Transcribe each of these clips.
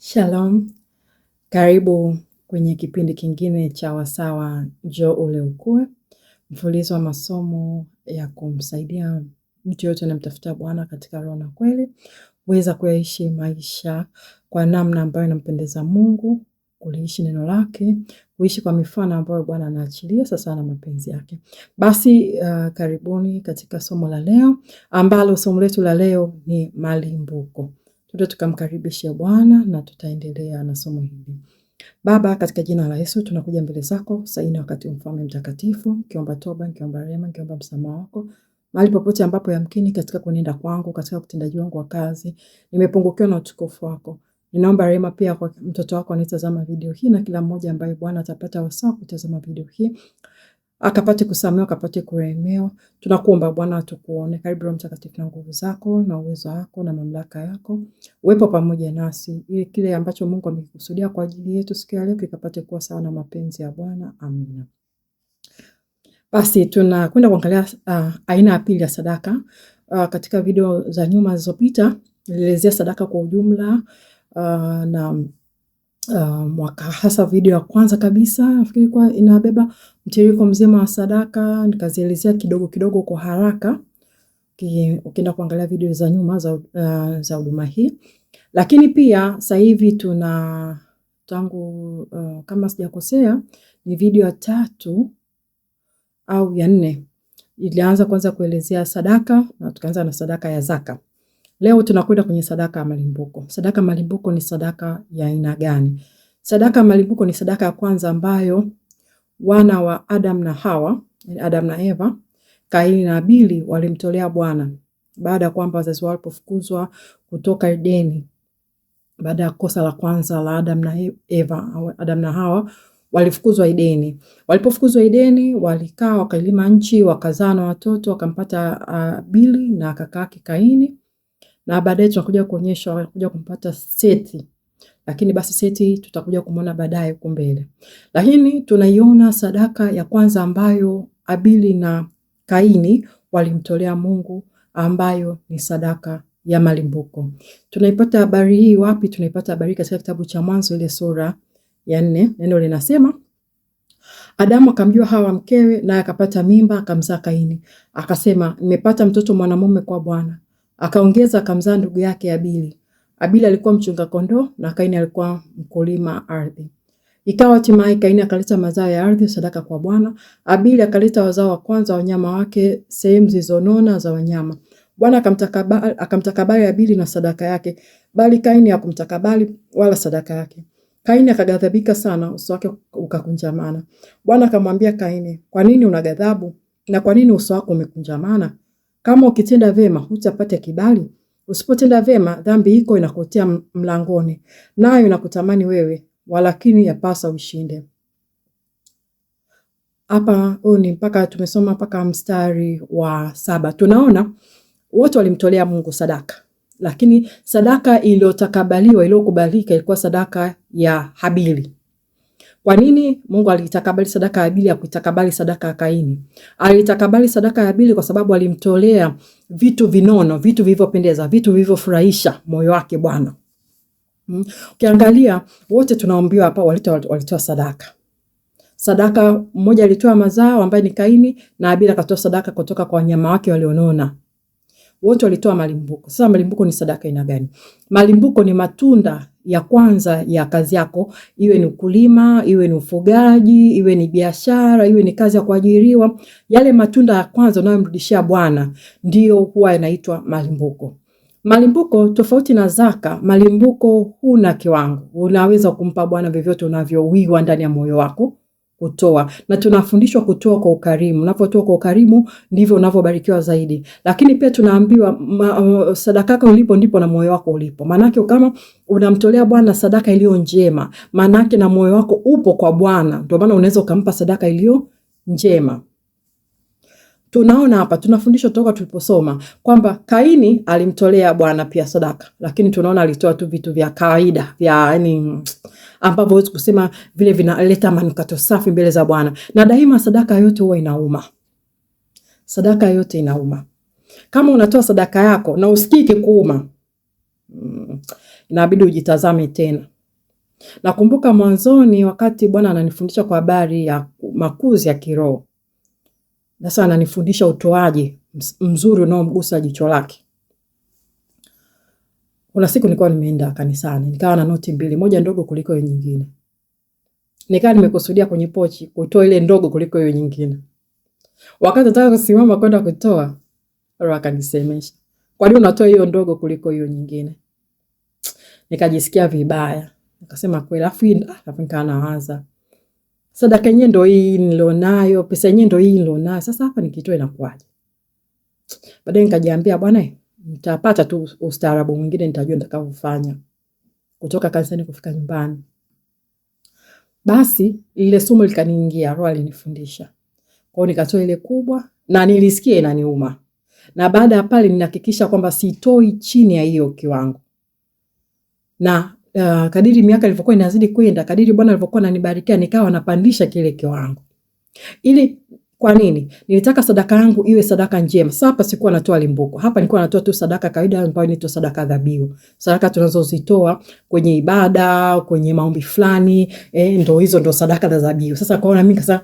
Shalom, karibu kwenye kipindi kingine cha Wasawa Njoo Ule Ukue, mfululizo wa masomo ya kumsaidia mtu yoyote anamtafuta Bwana katika roho na kweli, weza kuyaishi maisha kwa namna ambayo inampendeza Mungu kuliishi neno lake, kuishi kwa mifano ambayo Bwana anaachilia sasa na mapenzi yake. Basi uh, karibuni katika somo la leo ambalo somo letu la leo ni malimbuko. Tuta tukamkaribisha Bwana na tutaendelea na somo hili. Baba, katika jina la Yesu tunakuja mbele zako saini wakati mfalme mtakatifu, nikiomba toba, nikiomba rehema, nikiomba msamaha wako mahali popote ambapo yamkini katika kunenda kwangu, katika utendaji wangu wa kazi nimepungukiwa na utukufu wako Ninaomba rehema pia kwa mtoto wako anayetazama video hii na kila mmoja ambaye Bwana atapata wasaa kutazama video hii akapate kusamehewa, akapate kurehemewa. Tunakuomba Bwana atukuone. Karibu Roho Mtakatifu na nguvu zako na uwezo wako na mamlaka yako, uwepo pamoja nasi ili kile ambacho Mungu amekusudia kwa ajili yetu siku ya leo kikapate kuwa sawa na mapenzi ya Bwana. Amina. Basi tunakwenda kuangalia uh, aina ya pili ya sadaka. Uh, katika video za nyuma zilizopita nilielezea sadaka kwa ujumla uh, na uh, mwaka hasa video ya kwanza kabisa nafikiri kwa inabeba mtiririko mzima wa sadaka, nikazielezea kidogo kidogo kwa haraka ukienda kuangalia video za nyuma za uh, za huduma hii. Lakini pia sasa hivi tuna tangu uh, kama sijakosea ni video ya tatu au ya nne. Ilianza kwanza kuelezea sadaka na tukaanza na sadaka ya zaka. Leo tunakwenda kwenye sadaka ya malimbuko. Sadaka malimbuko ni sadaka ya aina gani? Sadaka malimbuko ni sadaka ya kwanza ambayo wana wa Adam na Hawa, Adam na Eva, Kaini na Abili walimtolea Bwana baada ya kwamba wazazi wao walipofukuzwa kutoka Edeni baada ya kosa la kwanza la Adam na Eva Adam na Hawa walifukuzwa Edeni. Walipofukuzwa Edeni, walikaa wakalima nchi, wakazaa na watoto, wakampata ah, Abili na kaka Kaini na baadaye tunakuja kuonyesha wanakuja kumpata Seti, lakini basi Seti tutakuja kumwona baadaye huko mbele. Lakini tunaiona sadaka ya kwanza ambayo Abili na Kaini walimtolea Mungu ambayo ni sadaka ya malimbuko. Tunaipata habari hii wapi? Tunaipata habari katika kitabu cha Mwanzo ile sura ya nne. Neno linasema Adamu akamjua Hawa mkewe, naye akapata mimba, akamzaa Kaini, akasema nimepata mtoto mwanamume kwa Bwana. Akaongeza akamzaa ndugu yake Abili. Abili alikuwa mchunga kondoo na Kaini alikuwa mkulima ardhi. Ikawa hatimaye Kaini akaleta mazao ya ardhi sadaka kwa Bwana. Abili akaleta wazao wa kwanza wanyama wake, sehemu zilizonona za wanyama. Bwana akamtakabali, akamtakabali Abili na sadaka yake, bali Kaini hakumtakabali wala sadaka yake. Kaini akaghadhabika sana, uso wake ukakunjamana. Bwana akamwambia Kaini, kwa nini una ghadhabu na kwa nini uso wako umekunjamana? Kama ukitenda vyema hutapata kibali, usipotenda vyema dhambi iko inakotea mlangoni, nayo inakutamani wewe, walakini yapasa ushinde. Hapa ni mpaka tumesoma mpaka mstari wa saba. Tunaona wote walimtolea Mungu sadaka, lakini sadaka iliyotakabaliwa iliyokubalika ilikuwa sadaka ya Habili. Kwa nini Mungu aliitakabali sadaka ya abili akuitakabali sadaka ya Kaini? Aliitakabali sadaka ya abili kwa sababu alimtolea vitu vinono, vitu vilivyopendeza, vitu vilivyofurahisha moyo wake Bwana. Mm. Ukiangalia wote tunaombiwa hapa walitoa walitoa sadaka. Sadaka mmoja alitoa mazao ambaye ni Kaini na abili akatoa sadaka kutoka kwa wanyama wake walionona wote walitoa malimbuko. Sasa malimbuko ni sadaka aina gani? Malimbuko ni matunda ya kwanza ya kazi yako, iwe ni ukulima, iwe ni ufugaji, iwe ni biashara, iwe ni kazi ya kuajiriwa. Yale matunda ya kwanza unayomrudishia Bwana ndiyo huwa yanaitwa malimbuko. Malimbuko tofauti na zaka, malimbuko huna kiwango, unaweza kumpa Bwana vyovyote unavyowiwa ndani ya moyo wako kutoa na tunafundishwa kutoa kwa ukarimu. Unapotoa kwa ukarimu, ndivyo unavyobarikiwa zaidi. Lakini pia tunaambiwa uh, sadaka yako ulipo ndipo na moyo wako ulipo. Maanake kama unamtolea Bwana sadaka iliyo njema, maanake na moyo wako upo kwa Bwana, ndio maana unaweza ukampa sadaka iliyo njema. Tunaona hapa tunafundishwa toka tuliposoma kwamba Kaini alimtolea Bwana pia sadaka, lakini tunaona alitoa tu vitu vya kawaida vya yani ambavyo huwezi kusema vile vinaleta manukato safi mbele za Bwana. Na daima sadaka yote huwa inauma, sadaka yote inauma. Kama unatoa sadaka yako na usikii kikuuma, mm, inabidi ujitazame tena. Nakumbuka mwanzoni wakati Bwana ananifundisha kwa habari ya makuzi ya kiroho, sasa ananifundisha utoaji mzuri unaomgusa jicho lake kuna siku nilikuwa nimeenda kanisani, nikawa na noti mbili, moja ndogo kuliko hiyo nyingine. Nikawa nimekusudia kwenye pochi kutoa ile ndogo kuliko hiyo nyingine. Wakati nataka kusimama kwenda kutoa, Roho akanisemesha, kwa nini unatoa hiyo ndogo kuliko hiyo nyingine? Nikajisikia vibaya, nikasema kweli. Afu ah, nikawa nawaza sadaka yenyewe ndo hii nilionayo, pesa yenyewe ndo hii nilionayo, sasa hapa nikitoa inakuwaje? Baadaye nikajiambia, bwana nitapata tu ustaarabu mwingine, nitajua nitakavyofanya kutoka kanisani kufika nyumbani. Basi ile somo likaniingia, Roho alinifundisha kwao, nikatoa ile kubwa na nilisikia inaniuma, na baada ya pale ninahakikisha kwamba sitoi chini ya hiyo kiwango na uh, kadiri miaka ilivyokuwa inazidi kwenda, kadiri Bwana alivyokuwa ananibarikia, nikawa napandisha kile kiwango ili kwa nini? Nilitaka sadaka yangu iwe sadaka njema. Sasa hapa sikuwa natoa limbuko. Hapa nilikuwa natoa tu sadaka kawaida ambayo inaitwa sadaka dhabihu. Sadaka tunazozitoa kwenye ibada, kwenye maombi fulani, eh, ndo hizo ndo sadaka za dhabihu. Sasa kwaona mimi sasa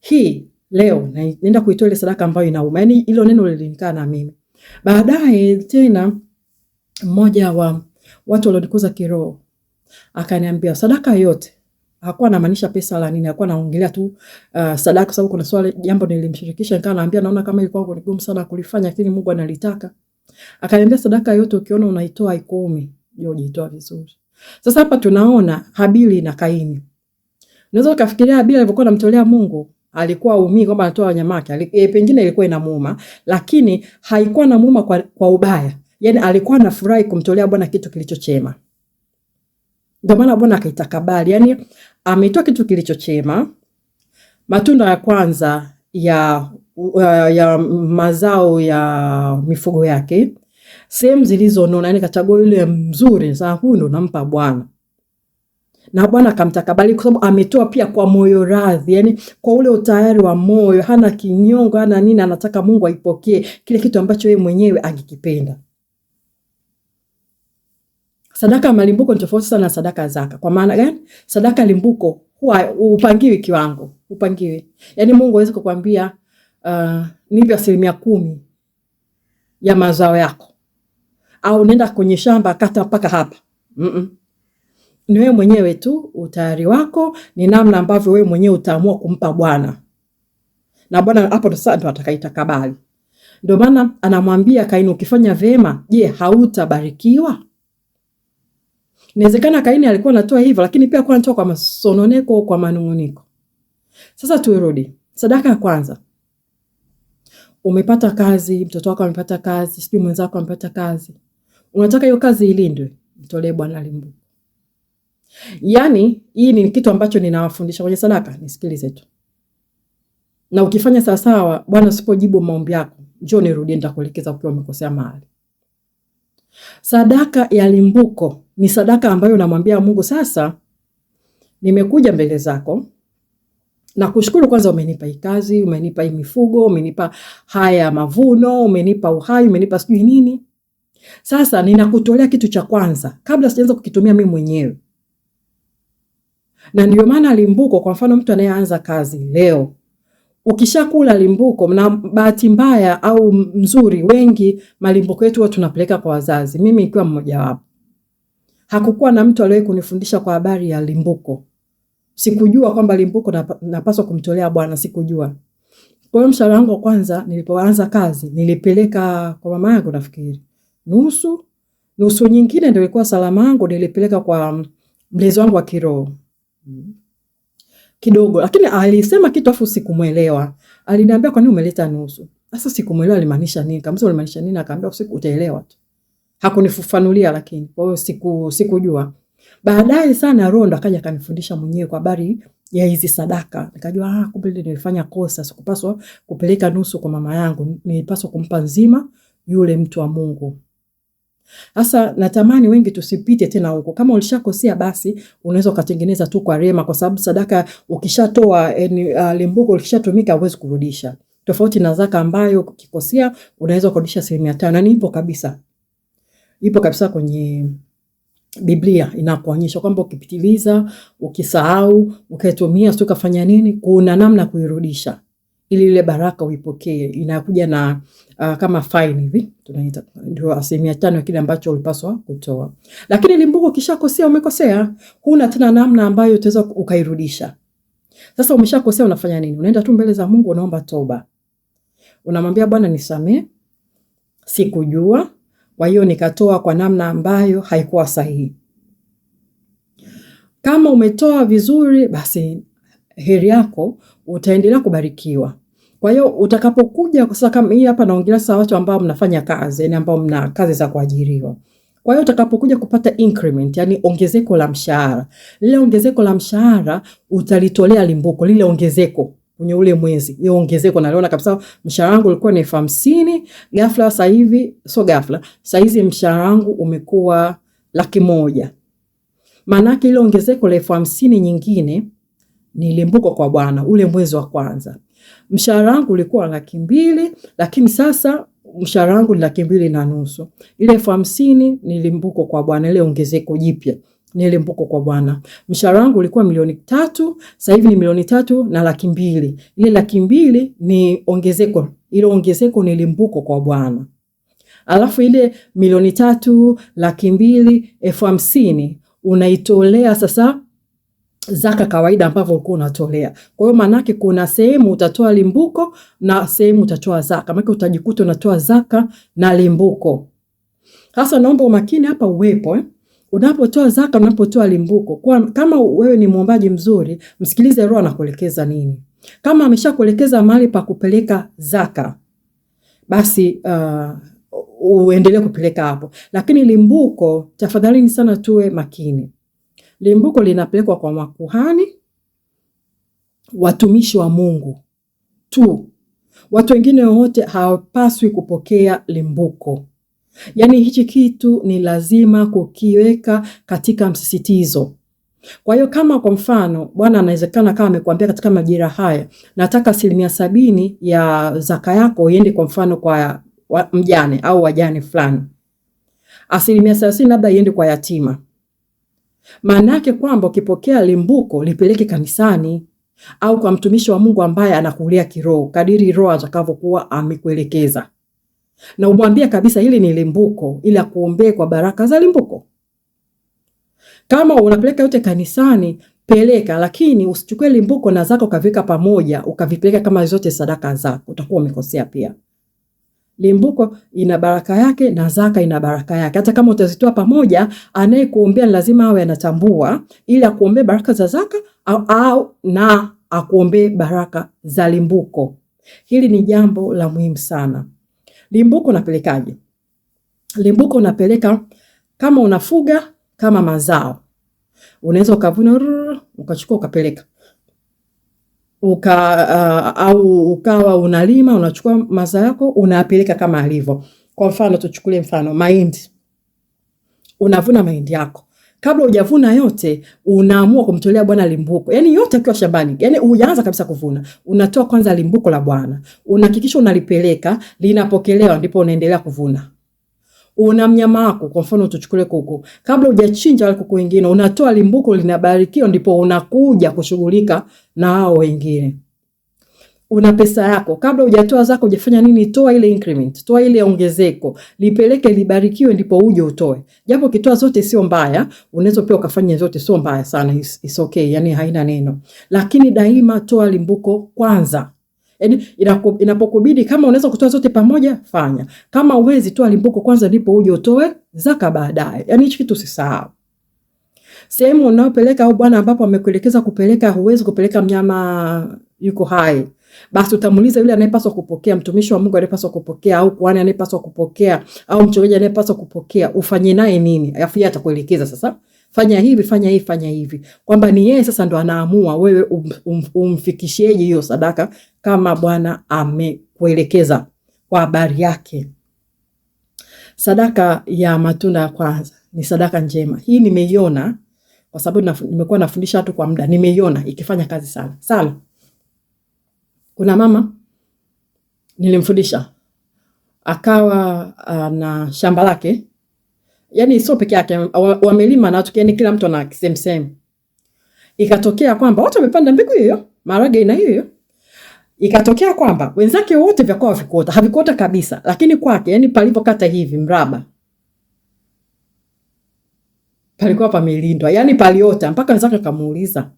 hii leo naenda kuitoa ile sadaka ambayo inauma. Yaani hilo neno lilinikaa na mimi. Baadaye tena mmoja wa watu walionikuza kiroho akaniambia sadaka yote hakuwa anamaanisha pesa la nini, hakuwa anaongelea tu uh, sadaka, sababu kuna swali jambo nilimshirikisha, nikawa naambia naona kama ilikuwa ni gumu sana kulifanya, lakini Mungu analitaka. Akaniambia sadaka yote ukiona unaitoa haikuumi, hiyo itoa vizuri. Sasa hapa tunaona Habili na Kaini. Unaweza ukafikiria Habili alivyokuwa anamtolea Mungu alikuwa umii kwamba anatoa wanyama wake, e, pengine ilikuwa inamuuma, lakini haikuwa namuuma kwa, kwa ubaya. Yani alikuwa anafurahi kumtolea Bwana kitu kilicho chema. Ndio maana Bwana akaitakabali, yani ametoa kitu kilichochema, matunda ya kwanza ya, ya, ya mazao ya mifugo yake, sehemu zilizonona, yani kachagua yule mzuri, sasa huyu ndo nampa Bwana na Bwana akamtakabali kwa sababu ametoa pia kwa moyo radhi, yani kwa ule utayari wa moyo, hana kinyongo, hana nini, anataka Mungu aipokee kile kitu ambacho yeye mwenyewe angekipenda. Sadaka ya malimbuko ni tofauti sana na sadaka ya zaka. Kwa maana gani? Sadaka ya limbuko huwa upangiwi kiwango, upangiwi. Yaani Mungu hawezi kukwambia uh, nipe asilimia kumi ya mazao yako au nenda kwenye shamba kata mpaka hapa. Mm -mm. Ni wewe mwenyewe tu, utayari wako ni namna ambavyo wewe mwenyewe utaamua kumpa Bwana. Na Bwana hapo ndo sasa atakaitakabali. Ndio maana anamwambia Kaini, ukifanya vyema, je, hautabarikiwa? Inawezekana Kaini alikuwa anatoa hivyo, lakini pia alikuwa anatoa kwa masononeko, kwa manunguniko. Sasa tuirudi sadaka ya kwanza. Umepata kazi, mtoto wako amepata kazi, sijui mwenzako amepata kazi, unataka hiyo kazi ilindwe, mtolee Bwana limbuko. Yaani hii ni kitu ambacho ninawafundisha kwenye sadaka, nisikilize tu na ukifanya sawasawa, Bwana usipojibu maombi yako, njoo nirudie, nitakuelekeza ukiwa umekosea mahali. Sadaka ya limbuko ni sadaka ambayo unamwambia Mungu, sasa nimekuja mbele zako na kushukuru kwanza, umenipa hii kazi, umenipa hii mifugo, umenipa haya mavuno, umenipa uhai, umenipa sijui nini. Sasa ninakutolea kitu cha kwanza kabla sijaanza kukitumia mimi mwenyewe, na ndio maana limbuko, kwa mfano mtu anayeanza kazi leo Ukishakula limbuko na bahati mbaya au mzuri, wengi malimbuko yetu huwa tunapeleka kwa wazazi, mimi ikiwa mmojawapo. Hakukuwa na mtu aliyewahi kunifundisha kwa habari ya limbuko. Sikujua kwamba limbuko napaswa kumtolea Bwana, sikujua. Kwa hiyo mshahara wangu wa kwanza nilipoanza kazi nilipeleka kwa mama yangu nafikiri. Nusu, nusu nyingine ndio ilikuwa salama yangu nilipeleka kwa mlezi wangu wa kiroho. mm -hmm kidogo, lakini alisema kitu afu sikumuelewa. Aliniambia kwa nini umeleta nusu? Sasa sikumuelewa alimaanisha nini? Kama alimaanisha nini, akaambia usiku utaelewa tu. Hakunifafanulia, lakini kwa hiyo siku sikujua. Baadaye sana Rondo akaja akanifundisha mwenyewe kwa habari ya hizi sadaka, nikajua ah, kumbe nilifanya kosa, sikupaswa kupeleka nusu kwa mama yangu, nilipaswa kumpa nzima yule mtu wa Mungu. Sasa natamani wengi tusipite tena huko. Kama ulishakosea basi unaweza ukatengeneza tu kwa rehema, kwa sababu sadaka ukishatoa uh, limbuko ukishatumika huwezi kurudisha, tofauti na zaka ambayo ukikosea unaweza kurudisha asilimia tano. Na nipo kabisa, ipo kabisa kwenye Biblia inakuonyesha kwamba ukipitiliza, ukisahau, ukaitumia, sio ukafanya nini, kuna namna kuirudisha ili ile baraka uipokee. Inakuja na uh, kama fine hivi tunaita, ndio asilimia tano ya kile ambacho ulipaswa kutoa. Lakini limbuko, ukishakosea umekosea, huna tena namna ambayo utaweza ukairudisha. Sasa umeshakosea, unafanya nini? Unaenda tu mbele za Mungu, unaomba toba, unamwambia Bwana, nisamee, sikujua, kwa hiyo nikatoa kwa namna ambayo haikuwa sahihi. Kama umetoa vizuri, basi heri yako, utaendelea kubarikiwa. Kwa hiyo utakapokuja sasa, kama hii hapa naongelea sasa watu ambao mnafanya kazi, yani ambao mna kazi za kuajiriwa. Kwa hiyo utakapokuja kupata increment, yani ongezeko la mshahara, lile ongezeko la mshahara utalitolea limbuko lile ongezeko kwenye ule mwezi, ile ongezeko naliona kabisa. Mshahara wangu ulikuwa ni elfu hamsini ghafla, sasa hivi sio ghafla, sasa hizi mshahara wangu umekuwa laki moja. Maanake ile ongezeko la elfu hamsini nyingine nilimbuko kwa Bwana ule mwezi wa kwanza. Mshahara wangu ulikuwa laki mbili, lakini sasa mshahara wangu ni laki mbili na nusu. Ile elfu hamsini nilimbuko kwa Bwana, ile ongezeko jipya nilimbuko kwa Bwana. Mshahara wangu ulikuwa milioni tatu, sasa hivi ni milioni tatu na laki mbili. Ile laki mbili ni ongezeko, ile ongezeko nilimbuko kwa Bwana. Alafu ile milioni tatu laki mbili elfu hamsini unaitolea sasa zaka kawaida ambavyo ulikuwa unatolea. Kwa hiyo maanake kuna sehemu utatoa limbuko na sehemu utatoa zaka. Maana utajikuta unatoa zaka na limbuko. Sasa naomba umakini hapa uwepo eh? Unapotoa zaka, unapotoa limbuko. Kwa kama wewe ni mwombaji mzuri, msikilize roho anakuelekeza nini. Kama ameshakuelekeza mahali pa kupeleka zaka, basi uh, uendelee kupeleka hapo. Lakini limbuko, tafadhalini sana tuwe makini. Limbuko linapelekwa kwa makuhani, watumishi wa Mungu tu. Watu wengine wote hawapaswi kupokea limbuko. Yaani hichi kitu ni lazima kukiweka katika msisitizo. Kwa hiyo kama kwa mfano Bwana anawezekana kama amekuambia katika majira haya, nataka asilimia sabini ya zaka yako iende kwa mfano kwa mjane au wajane fulani, asilimia thelathini labda iende kwa yatima maana yake kwamba ukipokea limbuko lipeleke kanisani au kwa mtumishi wa Mungu ambaye anakulia kiroho kadiri roho atakavyokuwa amekuelekeza, na umwambie kabisa hili ni limbuko, ili akuombee kwa baraka za limbuko. Kama unapeleka yote kanisani, peleka, lakini usichukue limbuko na zako ukavika pamoja ukavipeleka kama zote sadaka zako, utakuwa umekosea pia. Limbuko ina baraka yake na zaka ina baraka yake. Hata kama utazitoa pamoja, anayekuombea lazima awe anatambua, ili akuombee baraka za zaka au, au na akuombee baraka za limbuko. Hili ni jambo la muhimu sana. Limbuko unapelekaje? Limbuko unapeleka kama unafuga, kama mazao, unaweza ukavuna ukachukua ukapeleka uka, uh, au ukawa unalima unachukua mazao yako unayapeleka kama alivyo. Kwa mfano tuchukulie mfano mahindi, unavuna mahindi yako kabla hujavuna yote unaamua kumtolea Bwana limbuko, yani yote akiwa shambani, yani hujaanza kabisa kuvuna, unatoa kwanza limbuko la Bwana, unahakikisha unalipeleka, linapokelewa, ndipo unaendelea kuvuna una mnyama wako, kwa mfano tuchukule kuku, kabla hujachinja wale kuku wengine, unatoa limbuko linabarikiwa, ndipo unakuja kushughulika na hao wengine. Una pesa yako, kabla hujatoa zako, hujafanya nini, toa ile increment, toa ile ongezeko, lipeleke libarikiwe, ndipo uje utoe. Japo kitoa zote sio mbaya, unaweza pia ukafanya zote, sio mbaya sana, is, is okay, yani haina neno, lakini daima toa limbuko kwanza Yaani inapokubidi kama unaweza kutoa zote pamoja fanya. Kama uwezi toa limbuko kwanza ndipo uje utoe zaka baadaye. Yaani hicho kitu usisahau. Sehemu unayopeleka au bwana ambapo amekuelekeza kupeleka, huwezi kupeleka mnyama yuko hai. Basi utamuuliza yule anayepaswa kupokea, mtumishi wa Mungu anayepaswa kupokea, au kuhani anayepaswa kupokea, au mchungaji anayepaswa kupokea, ufanye naye nini? Alafu yeye atakuelekeza sasa fanya hivi, fanya hivi, fanya hivi, kwamba ni yeye sasa ndo anaamua wewe um, um, umfikishieje hiyo sadaka, kama Bwana amekuelekeza kwa habari yake. Sadaka ya matunda ya kwanza ni sadaka njema. Hii nimeiona kwa sababu nimekuwa nafundisha watu kwa muda, nimeiona ikifanya kazi sana sana. Kuna mama nilimfundisha akawa na shamba lake yani sio peke yake wamelima na watu, yani kila mtu ana same same. Ikatokea kwamba watu wamepanda mbegu hiyo maharage ina hiyo, ikatokea kwamba wenzake wote vya kwao havikuota, havikuota kabisa, lakini kwake, yani palipokata hivi mraba palikuwa pamelindwa, yani paliota mpaka wenzake kamuuliza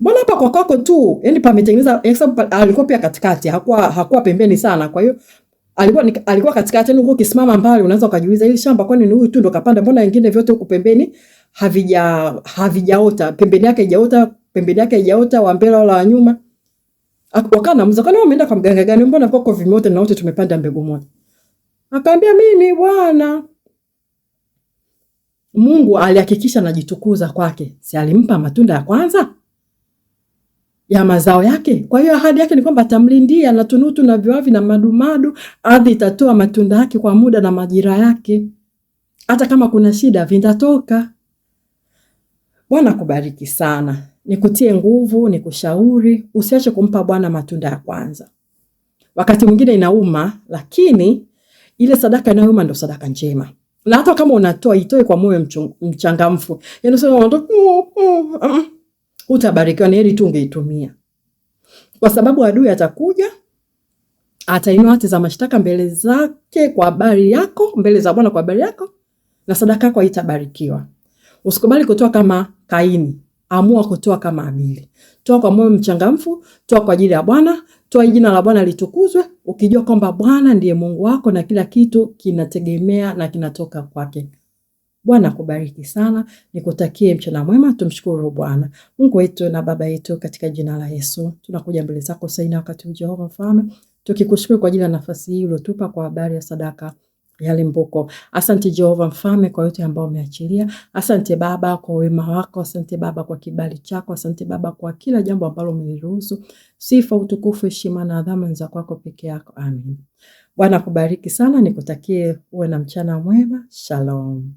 mbona hapa kwa kwako tu, yani pametengeneza. Alikuwa pia katikati, hakuwa hakuwa pembeni sana, kwa hiyo alikuwa alikuwa katika tena yaani huko kisimama mbali unaweza ukajiuliza hili shamba kwani ni huyu tu ndo kapanda, mbona wengine vyote huko pembeni havija havijaota, pembeni yake haijaota, pembeni yake haijaota, wa mbele wala wa nyuma. Akakaa na mzee, kwani umeenda kwa mganga gani? Mbona poko vimeota na wote tumepanda mbegu moja? Akaambia mimi ni bwana Mungu alihakikisha anajitukuza kwake, si alimpa matunda ya kwanza ya mazao yake. Kwa hiyo ahadi yake ni kwamba atamlindia na tunutu na viwavi na madumadu, ardhi itatoa matunda yake kwa muda na majira yake. Hata kama kuna shida vitatoka. Bwana kubariki sana, nikutie nguvu, nikushauri usiache kumpa Bwana matunda ya kwanza. Wakati mwingine inauma, lakini ile sadaka inayouma ndo sadaka njema na hata kama unatoa itoe kwa moyo mchangamfu, yaani unatoa mm, mm, mm, utabarikiwa, ni heri tu ungeitumia, kwa sababu adui atakuja, atainua hati za mashtaka mbele zake kwa habari yako, mbele za Bwana kwa habari yako, na sadaka yako itabarikiwa. Usikubali kutoa kama Kaini. Amua kutoa kama Abili. Toa kwa moyo mchangamfu, toa kwa ajili ya Bwana, toa jina la Bwana litukuzwe, ukijua kwamba Bwana ndiye Mungu wako na kila kitu kinategemea na kinatoka kwake. Bwana akubariki sana, nikutakie mchana mwema. Tumshukuru Bwana Mungu wetu na Baba yetu katika jina la Yesu. Tunakuja mbele zako saina wakati huu, Jehova Mfalme, tukikushukuru kwa ajili ya nafasi hii uliotupa kwa habari ya sadaka ya limbuko. Asante Jehova Mfalme kwa yote ambao umeachilia. Asante Baba kwa wema wako, asante Baba kwa kibali chako, asante Baba kwa kila jambo ambalo umeliruhusu. Sifa, utukufu, heshima na adhama ni za kwako peke yako. Amen. Bwana kubariki sana, nikutakie uwe na mchana mwema. Shalom.